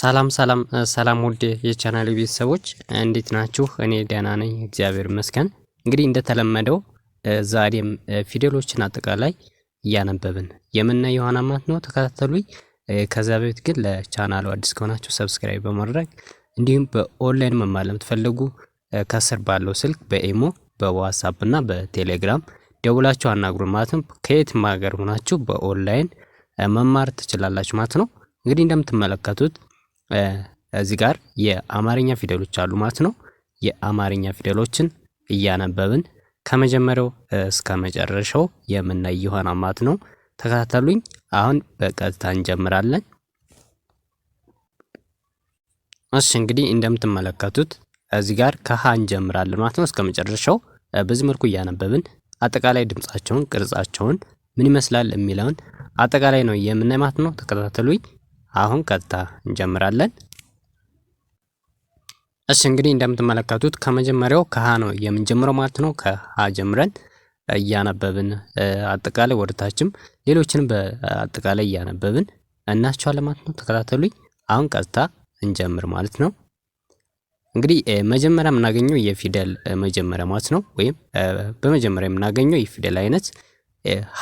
ሰላም ሰላም ሰላም ውድ የቻናል ቤተሰቦች እንዴት ናችሁ? እኔ ደህና ነኝ፣ እግዚአብሔር ይመስገን። እንግዲህ እንደተለመደው ዛሬም ፊደሎችን አጠቃላይ እያነበብን የምናየው ይሆናል ማለት ነው። ተከታተሉኝ። ከዛ በፊት ግን ለቻናሉ አዲስ ከሆናችሁ ሰብስክራይብ በማድረግ እንዲሁም በኦንላይን መማር ለምትፈልጉ ከስር ባለው ስልክ በኢሞ በዋትሳፕ እና በቴሌግራም ደውላችሁ አናግሩ። ማለት ከየትም ሀገር ሆናችሁ በኦንላይን መማር ትችላላችሁ ማለት ነው። እንግዲህ እንደምትመለከቱት እዚህ ጋር የአማርኛ ፊደሎች አሉ ማለት ነው። የአማርኛ ፊደሎችን እያነበብን ከመጀመሪያው እስከ መጨረሻው የምናይ ይሆናል ማለት ነው። ተከታተሉኝ። አሁን በቀጥታ እንጀምራለን። እሺ እንግዲህ እንደምትመለከቱት እዚህ ጋር ከሀ እንጀምራለን ማለት ነው እስከ መጨረሻው በዚህ መልኩ እያነበብን አጠቃላይ ድምጻቸውን፣ ቅርጻቸውን ምን ይመስላል የሚለውን አጠቃላይ ነው የምናይ ማለት ነው። ተከታተሉኝ። አሁን ቀጥታ እንጀምራለን። እሺ እንግዲህ እንደምትመለከቱት ከመጀመሪያው ከሀ ነው የምንጀምረው ማለት ነው። ከሀ ጀምረን እያነበብን አጠቃላይ ወደታችም ሌሎችንም በአጠቃላይ እያነበብን እናቸዋለን ማለት ነው። ተከታተሉኝ። አሁን ቀጥታ እንጀምር ማለት ነው። እንግዲህ መጀመሪያ የምናገኘው የፊደል መጀመሪያ ማለት ነው። ወይም በመጀመሪያ የምናገኘው የፊደል አይነት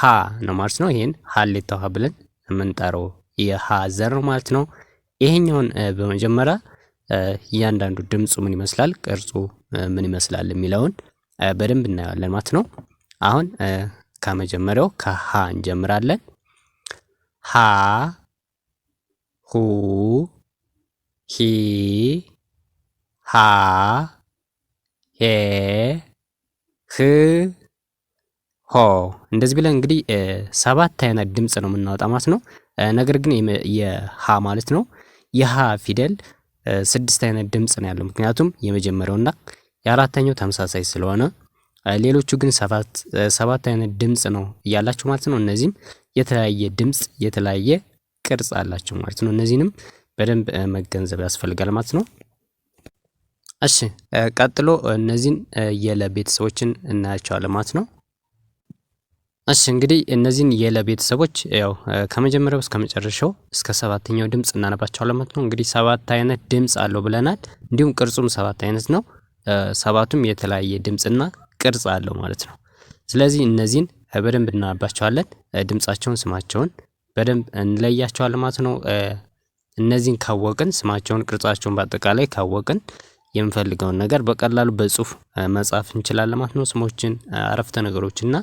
ሀ ነው ማለት ነው። ይህን ሀሌታው ሀ ብለን የምንጠራው የሀዘር ዘር ማለት ነው። ይሄኛውን በመጀመሪያ እያንዳንዱ ድምፁ ምን ይመስላል፣ ቅርጹ ምን ይመስላል የሚለውን በደንብ እናየዋለን ማለት ነው። አሁን ከመጀመሪያው ከሀ እንጀምራለን። ሀ ሁ ሂ ሃ ሄ ህ ሆ እንደዚህ ብለን እንግዲህ ሰባት አይነት ድምፅ ነው የምናወጣ ማለት ነው። ነገር ግን የሃ ማለት ነው የሃ ፊደል ስድስት አይነት ድምፅ ነው ያለው። ምክንያቱም የመጀመሪያውና የአራተኛው ተመሳሳይ ስለሆነ ሌሎቹ ግን ሰባት አይነት ድምፅ ነው እያላቸው ማለት ነው። እነዚህም የተለያየ ድምፅ የተለያየ ቅርጽ አላቸው ማለት ነው። እነዚህንም በደንብ መገንዘብ ያስፈልጋል ማለት ነው። እሺ ቀጥሎ እነዚህን የለ ቤተሰቦችን እናያቸዋለን ማለት ነው። እሺ እንግዲህ እነዚህን የለ ቤተሰቦች ያው ከመጀመሪያው እስከ መጨረሻው እስከ ሰባተኛው ድምፅ እናነባቸዋለን ማለት ነው። እንግዲህ ሰባት አይነት ድምፅ አለው ብለናል። እንዲሁም ቅርጹም ሰባት አይነት ነው። ሰባቱም የተለያየ ድምፅና ቅርጽ አለው ማለት ነው። ስለዚህ እነዚህን በደንብ እናነባቸዋለን። ድምፃቸውን፣ ስማቸውን በደንብ እንለያቸዋለን ማለት ነው። እነዚህን ካወቅን ስማቸውን፣ ቅርጻቸውን በአጠቃላይ ካወቅን የምንፈልገውን ነገር በቀላሉ በጽሁፍ መጻፍ እንችላለን ማለት ነው። ስሞችን፣ አረፍተ ነገሮችና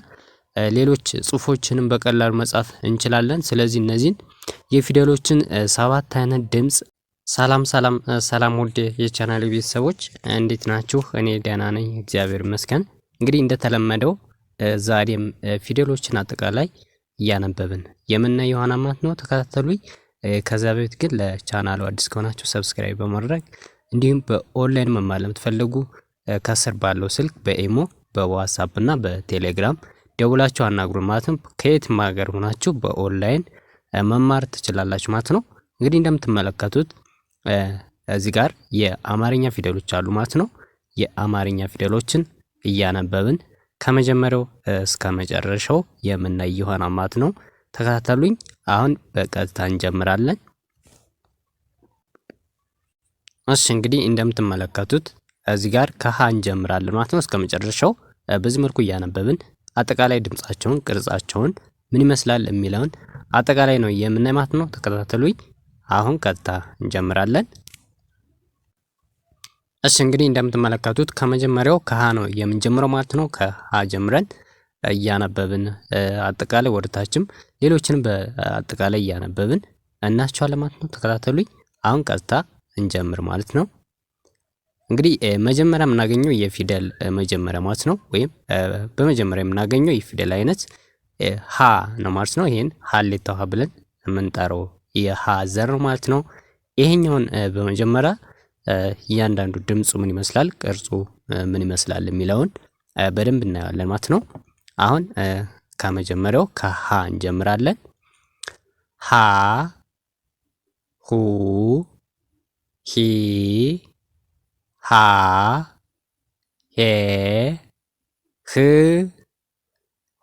ሌሎች ጽሁፎችንም በቀላሉ መጻፍ እንችላለን። ስለዚህ እነዚህን የፊደሎችን ሰባት አይነት ድምጽ ሰላም ሰላም ሰላም ውድ የቻናል ቤተሰቦች እንዴት ናችሁ? እኔ ደህና ነኝ እግዚአብሔር ይመስገን። እንግዲህ እንደተለመደው ዛሬም ፊደሎችን አጠቃላይ እያነበብን የምናየው ይሆናል ማለት ነው። ተከታተሉኝ። ከዛ በፊት ግን ለቻናሉ አዲስ ከሆናችሁ ሰብስክራይብ በማድረግ እንዲሁም በኦንላይን መማር ለምትፈልጉ ከስር ባለው ስልክ በኢሞ በዋትሳፕ እና በቴሌግራም ደውላችሁ አናግሩ። ማለትም ነው። ከየትም ሀገር ሆናችሁ በኦንላይን መማር ትችላላችሁ ማለት ነው። እንግዲህ እንደምትመለከቱት እዚህ ጋር የአማርኛ ፊደሎች አሉ ማለት ነው። የአማርኛ ፊደሎችን እያነበብን ከመጀመሪያው እስከ መጨረሻው የምናይ ይሆናል ማለት ነው። ተከታተሉኝ። አሁን በቀጥታ እንጀምራለን። እሺ እንግዲህ እንደምትመለከቱት እዚህ ጋር ከሀ እንጀምራለን ማለት ነው። እስከ መጨረሻው በዚህ መልኩ እያነበብን አጠቃላይ ድምፃቸውን ቅርጻቸውን ምን ይመስላል የሚለውን አጠቃላይ ነው የምናይ ማለት ነው። ተከታተሉኝ። አሁን ቀጥታ እንጀምራለን። እሺ እንግዲህ እንደምትመለከቱት ከመጀመሪያው ከሀ ነው የምንጀምረው ማለት ነው። ከሀ ጀምረን እያነበብን አጠቃላይ ወደታችም ሌሎችንም በአጠቃላይ እያነበብን እናቸዋለን ማለት ነው። ተከታተሉኝ። አሁን ቀጥታ እንጀምር ማለት ነው። እንግዲህ መጀመሪያ የምናገኘው የፊደል መጀመሪያ ማለት ነው። ወይም በመጀመሪያ የምናገኘው የፊደል አይነት ሀ ነው ማለት ነው። ይህን ሀሌታው ሀ ብለን የምንጠራው የሀ ዘር ነው ማለት ነው። ይሄኛውን በመጀመሪያ እያንዳንዱ ድምፁ ምን ይመስላል፣ ቅርጹ ምን ይመስላል የሚለውን በደንብ እናየዋለን ማለት ነው። አሁን ከመጀመሪያው ከሀ እንጀምራለን። ሀ ሁ ሂ ሀ ሄ ህ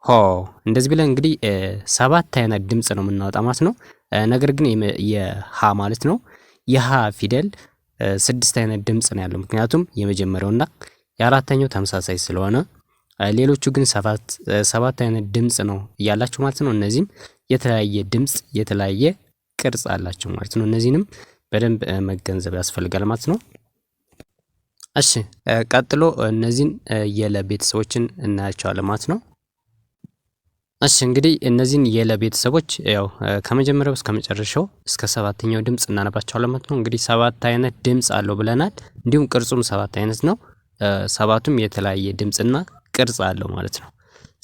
ሆ እንደዚህ ብለን እንግዲህ ሰባት አይነት ድምፅ ነው የምናወጣ ማለት ነው። ነገር ግን የሀ ማለት ነው የሀ ፊደል ስድስት አይነት ድምፅ ነው ያለው ምክንያቱም የመጀመሪያውና የአራተኛው ተመሳሳይ ስለሆነ ሌሎቹ ግን ሰባት አይነት ድምፅ ነው እያላቸው ማለት ነው። እነዚህም የተለያየ ድምፅ የተለያየ ቅርጽ አላቸው ማለት ነው። እነዚህንም በደንብ መገንዘብ ያስፈልጋል ማለት ነው። እሺ ቀጥሎ እነዚህን የለ ቤተሰቦችን እናያቸዋለን ማለት ነው። እሺ እንግዲህ እነዚህን የለ ቤተሰቦች ያው ከመጀመሪያው እስከ መጨረሻው እስከ ሰባተኛው ድምፅ እናነባቸዋለን ማለት ነው። እንግዲህ ሰባት አይነት ድምፅ አለው ብለናል። እንዲሁም ቅርጹም ሰባት አይነት ነው። ሰባቱም የተለያየ ድምፅና ቅርጽ አለው ማለት ነው።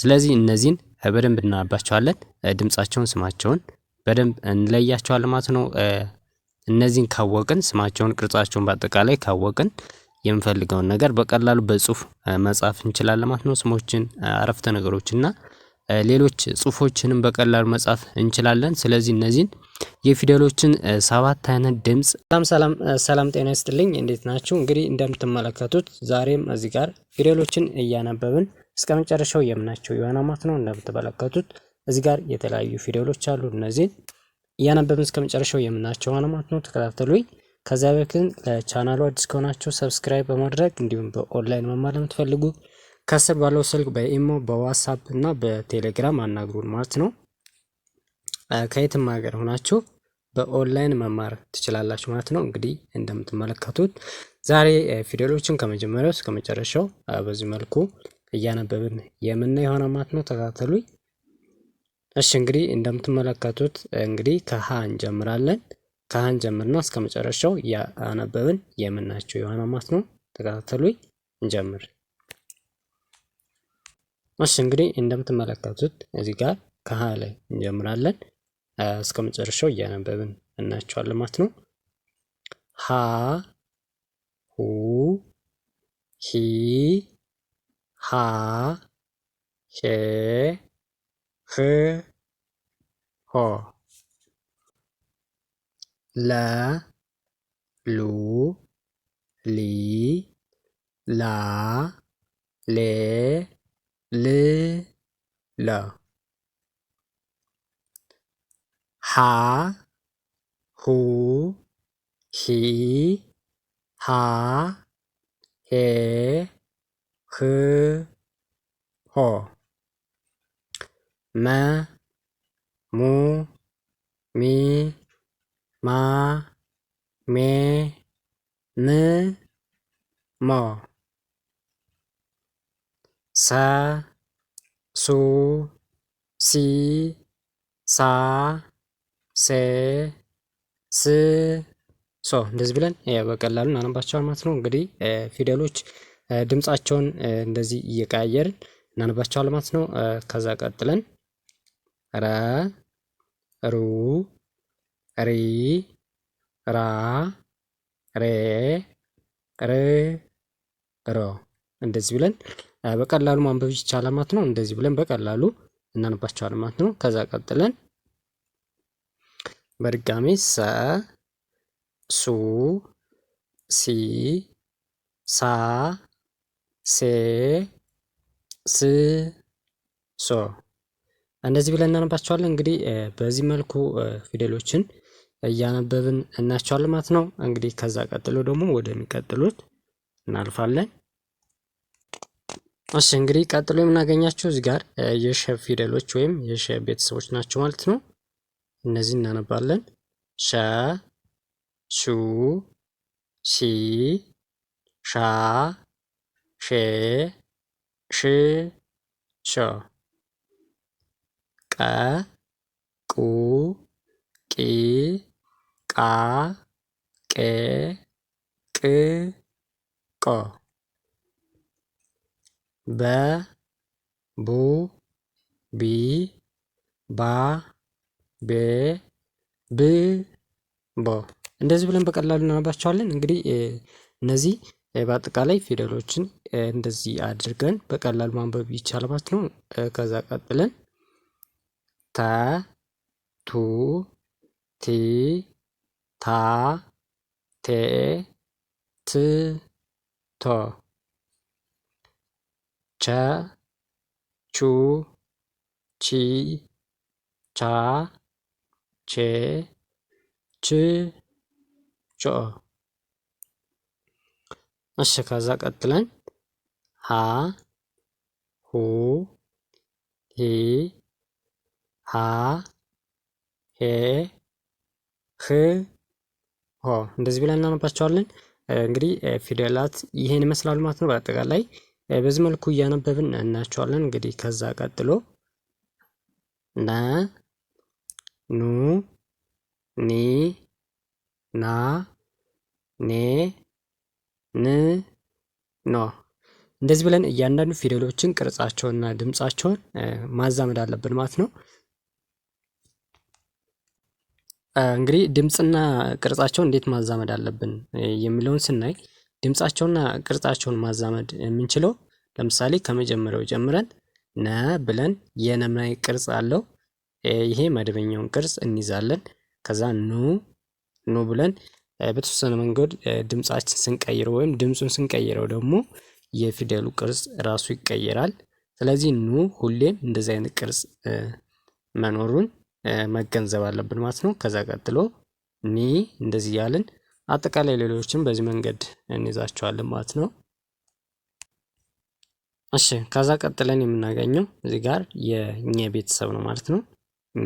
ስለዚህ እነዚህን በደንብ እናነባቸዋለን። ድምፃቸውን፣ ስማቸውን በደንብ እንለያቸዋለን ማለት ነው። እነዚህን ካወቅን ስማቸውን፣ ቅርጻቸውን በአጠቃላይ ካወቅን የምፈልገውን ነገር በቀላሉ በጽሁፍ መጻፍ እንችላለን ማለት ነው። ስሞችን፣ አረፍተ ነገሮች እና ሌሎች ጽሁፎችንም በቀላሉ መጻፍ እንችላለን። ስለዚህ እነዚህን የፊደሎችን ሰባት አይነት ድምጽ። ሰላም ሰላም ሰላም፣ ጤና ይስጥልኝ እንዴት ናችሁ? እንግዲህ እንደምትመለከቱት ዛሬም እዚህ ጋር ፊደሎችን እያነበብን እስከ መጨረሻው የምናቸው የሆነ ማለት ነው። እንደምትመለከቱት እዚህ ጋር የተለያዩ ፊደሎች አሉ። እነዚህን እያነበብን እስከ መጨረሻው የምናቸው የሆነ ማለት ነው። ተከታተሉኝ። ከዚያ በፊት ለቻናሉ አዲስ ከሆናችሁ ሰብስክራይብ በማድረግ እንዲሁም በኦንላይን መማር ለምትፈልጉ ከስር ባለው ስልክ በኢሞ በዋትሳፕ እና በቴሌግራም አናግሩን ማለት ነው። ከየትም ሀገር ሆናችሁ በኦንላይን መማር ትችላላችሁ ማለት ነው። እንግዲህ እንደምትመለከቱት ዛሬ ፊደሎችን ከመጀመሪያው እስከ መጨረሻው በዚህ መልኩ እያነበብን የምናይ የሆነ ማለት ነው። ተከታተሉኝ። እሺ እንግዲህ እንደምትመለከቱት እንግዲህ ከሀ እንጀምራለን። ካህን ጀምርና እስከ መጨረሻው ያነበብን የምናያቸው ይሆናል ማለት ነው። ተከታተሉኝ፣ እንጀምር። እሺ እንግዲህ እንደምትመለከቱት እዚህ ጋር ከሀ ላይ እንጀምራለን እስከ መጨረሻው እያነበብን እናያቸዋለን ማለት ነው። ሀ ሁ ሂ ሀ ሄ ህ ሆ ลาหลูหลีหลาเหลเลลหาหูหีหาเหคือหอมามูมี ማ ሜ ም ሞ ሰ ሱ ሲ ሳ ሴ ስ ሶ እንደዚህ ብለን በቀላሉ እናነባቸዋል ማለት ነው። እንግዲህ ፊደሎች ድምፃቸውን እንደዚህ እየቀያየርን እናነባቸዋል ማለት ነው። ከዛ ቀጥለን ረ ሩ ሪ ራ ሬ ር ሮ እንደዚህ ብለን በቀላሉ ማንበብ ይቻላል ማለት ነው። እንደዚህ ብለን በቀላሉ እናነባቸዋለን ማለት ነው። ከዛ ቀጥለን በድጋሚ ሰ ሱ ሲ ሳ ሴ ስ ሶ እንደዚህ ብለን እናነባቸዋለን። እንግዲህ በዚህ መልኩ ፊደሎችን እያነበብን እናቸዋለን ማለት ነው። እንግዲህ ከዛ ቀጥሎ ደግሞ ወደሚቀጥሉት እናልፋለን። እሺ እንግዲህ ቀጥሎ የምናገኛቸው እዚህ ጋር የሸ ፊደሎች ወይም የሸ ቤተሰቦች ናቸው ማለት ነው። እነዚህ እናነባለን። ሸ፣ ሹ፣ ሺ፣ ሻ፣ ሼ፣ ሽ፣ ሾ፣ ቀ፣ ቁ፣ ቂ ቃ ቄ ቅ ቆ በ ቡ ቢ ባ ቤ ብ ቦ እንደዚህ ብለን በቀላሉ እናነባቸዋለን። እንግዲህ እነዚህ በአጠቃላይ ፊደሎችን እንደዚህ አድርገን በቀላሉ ማንበብ ይቻላል ነው። ከዛ ቀጥለን ተ ቱ ቲ ታ ቴ ት ቶ ቸ ቹ ቺ ቻ ቼ ች ቾ እሺ ከዛ ቀጥለን ሀ ሁ ሂ ሃ ሄ ህ ሆ እንደዚህ ብለን እናነባቸዋለን። እንግዲህ ፊደላት ይሄን ይመስላሉ ማለት ነው። በአጠቃላይ በዚህ መልኩ እያነበብን እናያቸዋለን። እንግዲህ ከዛ ቀጥሎ ነ ኑ ኒ ና ኔ ን ኖ እንደዚህ ብለን እያንዳንዱ ፊደሎችን ቅርጻቸውንና ድምጻቸውን ማዛመድ አለብን ማለት ነው። እንግዲህ ድምፅና ቅርጻቸው እንዴት ማዛመድ አለብን የሚለውን ስናይ ድምፃቸውና ቅርጻቸውን ማዛመድ የምንችለው ለምሳሌ ከመጀመሪያው ጀምረን ነ ብለን የነምናይ ቅርጽ አለው ይሄ መደበኛውን ቅርጽ እንይዛለን። ከዛ ኑ ኑ ብለን በተወሰነ መንገድ ድምፃችን ስንቀይረው ወይም ድምፁን ስንቀይረው ደግሞ የፊደሉ ቅርጽ ራሱ ይቀየራል። ስለዚህ ኑ ሁሌም እንደዚህ አይነት ቅርጽ መኖሩን መገንዘብ አለብን ማለት ነው። ከዛ ቀጥሎ ኒ እንደዚህ እያልን አጠቃላይ ሌሎችን በዚህ መንገድ እንይዛቸዋለን ማለት ነው። እሺ ከዛ ቀጥለን የምናገኘው እዚህ ጋር የኘ ቤተሰብ ነው ማለት ነው።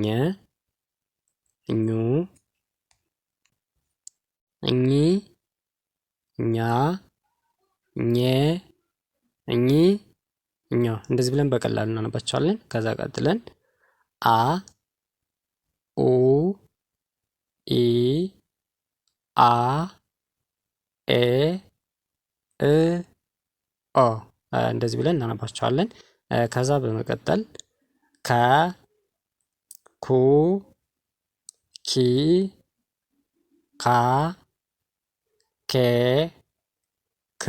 ኘ እኙ እኚ እኛ እኘ እኚ እኛ እንደዚህ ብለን በቀላሉ እናነባቸዋለን። ከዛ ቀጥለን አ ኡ ኢ አ ኤ እ ኦ እንደዚህ ብለን እናነባቸዋለን። ከዛ በመቀጠል ከ ኩ ኪ ካ ኬ ክ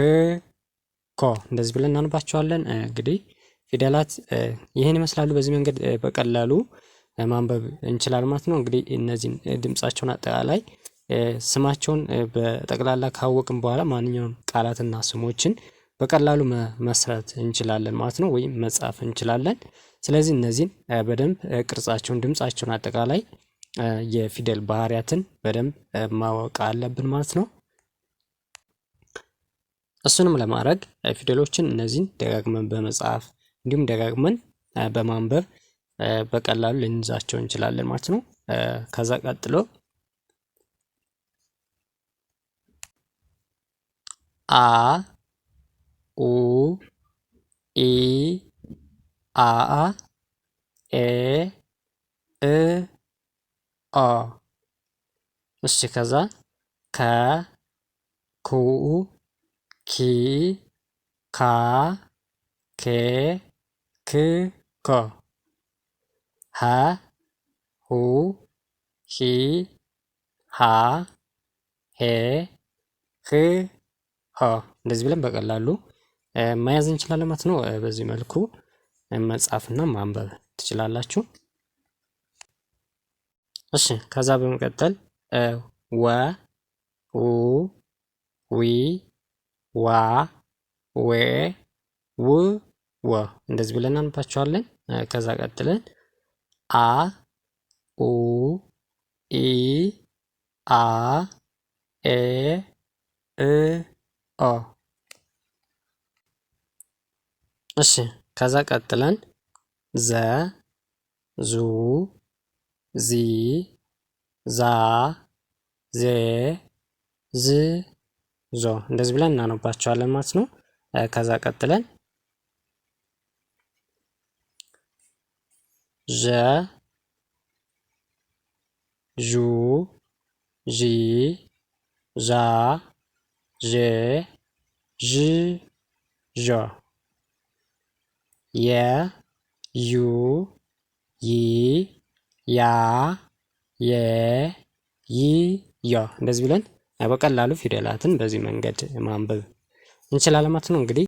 ኮ እንደዚህ ብለን እናነባቸዋለን። እንግዲህ ፊደላት ይህን ይመስላሉ። በዚህ መንገድ በቀላሉ ማንበብ እንችላለን ማለት ነው። እንግዲህ እነዚህን ድምፃቸውን አጠቃላይ ስማቸውን በጠቅላላ ካወቅን በኋላ ማንኛውም ቃላትና ስሞችን በቀላሉ መስረት እንችላለን ማለት ነው ወይም መጻፍ እንችላለን። ስለዚህ እነዚህን በደንብ ቅርጻቸውን ድምጻቸውን፣ አጠቃላይ የፊደል ባህሪያትን በደንብ ማወቅ አለብን ማለት ነው። እሱንም ለማድረግ ፊደሎችን እነዚህን ደጋግመን በመጻፍ እንዲሁም ደጋግመን በማንበብ በቀላሉ ልንዛቸው እንችላለን ማለት ነው። ከዛ ቀጥሎ አ ኡ ኢ አ ኤ እ ኦ እሺ ከዛ ከ ኩ ኪ ካ ኬ ክ ኮ ሀ ሁ ሂ ሃ ሄ ህ ሆ እንደዚህ ብለን በቀላሉ መያዝ እንችላለን ማለት ነው። በዚህ መልኩ መጻፍና ማንበብ ትችላላችሁ። እሺ ከዛ በመቀጠል ወ ው ዊ ዋ ዌ ው ወ እንደዚህ ብለን እናንባቸዋለን። ከዛ ቀጥለን a u i a e እ ኦ እሺ ከዛ ቀጥለን ዘ ዙ ዚ ዛ ዜ ዝ ዞ እንደዚህ ብለን እናነባቸዋለን ማለት ነው። ከዛ ቀጥለን ዠ ዡ ዢ ዣ ዤ ዥ ዥ የ ዩ ይ ያ የ ይ ያ እንደዚህ ብለን በቀላሉ ፊደላትን በዚህ መንገድ ማንበብ እንችላለን ማለት ነው እንግዲህ